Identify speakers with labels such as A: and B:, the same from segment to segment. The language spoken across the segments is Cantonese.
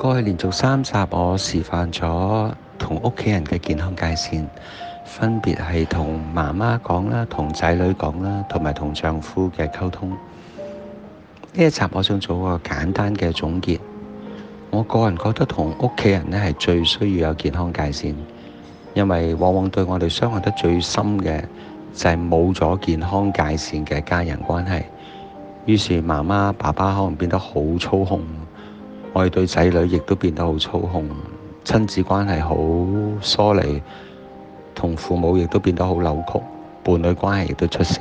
A: 過去連續三集，我示範咗同屋企人嘅健康界線，分別係同媽媽講啦、同仔女講啦、同埋同丈夫嘅溝通。呢一集我想做個簡單嘅總結。我個人覺得同屋企人呢係最需要有健康界線，因為往往對我哋傷害得最深嘅就係冇咗健康界線嘅家人關係。於是媽媽爸爸可能變得好操控。我哋對仔女亦都變得好操控，親子關係好疏離，同父母亦都變得好扭曲，伴侶關係亦都出事。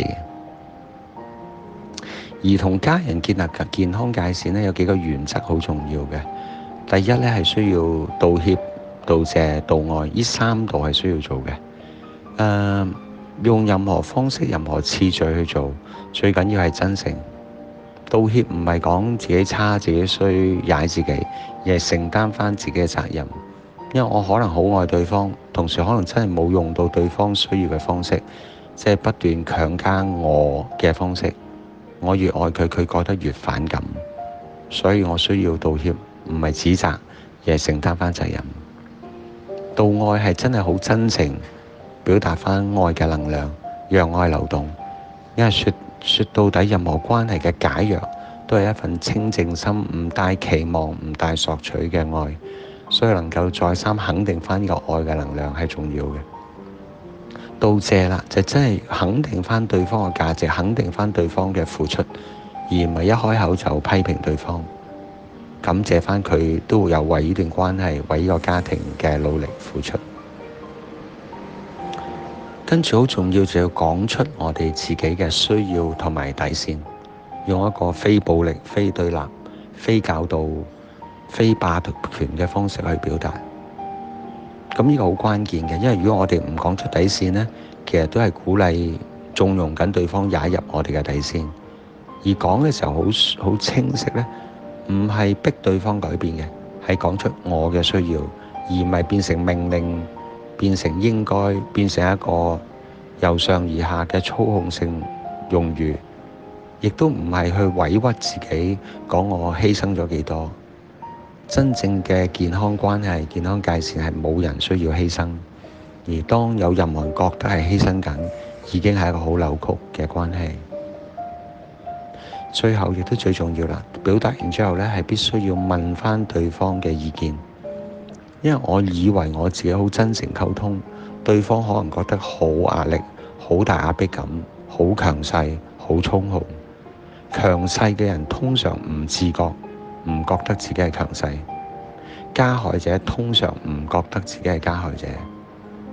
A: 而同家人建立嘅健康界線呢，有幾個原則好重要嘅。第一呢，係需要道歉、道謝、道愛，呢三道係需要做嘅。誒、呃，用任何方式、任何次序去做，最緊要係真誠。道歉唔係講自己差、自己衰、踩自己，而係承擔翻自己嘅責任。因為我可能好愛對方，同時可能真係冇用到對方需要嘅方式，即係不斷強加我嘅方式。我越愛佢，佢覺得越反感，所以我需要道歉，唔係指責，而係承擔翻責任。道愛係真係好真誠表達翻愛嘅能量，讓愛流動。因為說。說到底，任何關係嘅解藥都係一份清淨心，唔帶期望，唔帶索取嘅愛，所以能夠再三肯定翻呢個愛嘅能量係重要嘅。道謝啦，就真係肯定翻對方嘅價值，肯定翻對方嘅付出，而唔係一開口就批評對方，感謝翻佢都會有為呢段關係、為呢個家庭嘅努力付出。跟住好重要就要講出我哋自己嘅需要同埋底線，用一個非暴力、非對立、非教導、非霸權嘅方式去表達。咁呢個好關鍵嘅，因為如果我哋唔講出底線呢，其實都係鼓勵縱容緊對方踩入我哋嘅底線。而講嘅時候好好清晰呢，唔係逼對方改變嘅，係講出我嘅需要，而唔係變成命令。變成應該，變成一個由上而下嘅操控性用語，亦都唔係去委屈自己講我犧牲咗幾多。真正嘅健康關係、健康界線係冇人需要犧牲，而當有任何人覺得係犧牲緊，已經係一個好扭曲嘅關係。最後亦都最重要啦，表達完之後呢，係必須要問翻對方嘅意見。因為我以為我自己好真誠溝通，對方可能覺得好壓力、好大壓迫感、好強勢、好衝好。強勢嘅人通常唔自覺，唔覺得自己係強勢。加害者通常唔覺得自己係加害者。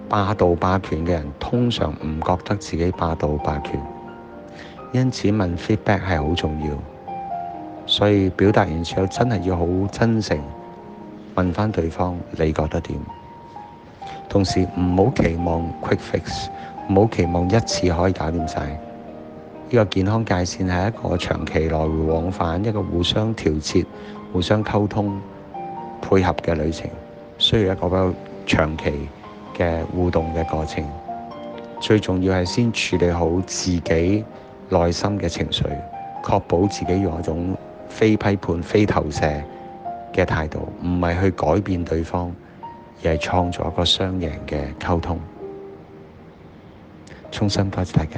A: 霸道霸權嘅人通常唔覺得自己霸道霸權。因此問 feedback 係好重要，所以表達完之後真係要好真誠。問翻對方，你覺得點？同時唔好期望 quick fix，唔好期望一次可以搞掂晒。呢個健康界線係一個長期來回往返、一個互相調節、互相溝通、配合嘅旅程，需要一個比較長期嘅互動嘅過程。最重要係先處理好自己內心嘅情緒，確保自己用一種非批判、非投射嘅態度，唔係去改變對方，而係創造一個雙贏嘅溝通。衷心多謝大家。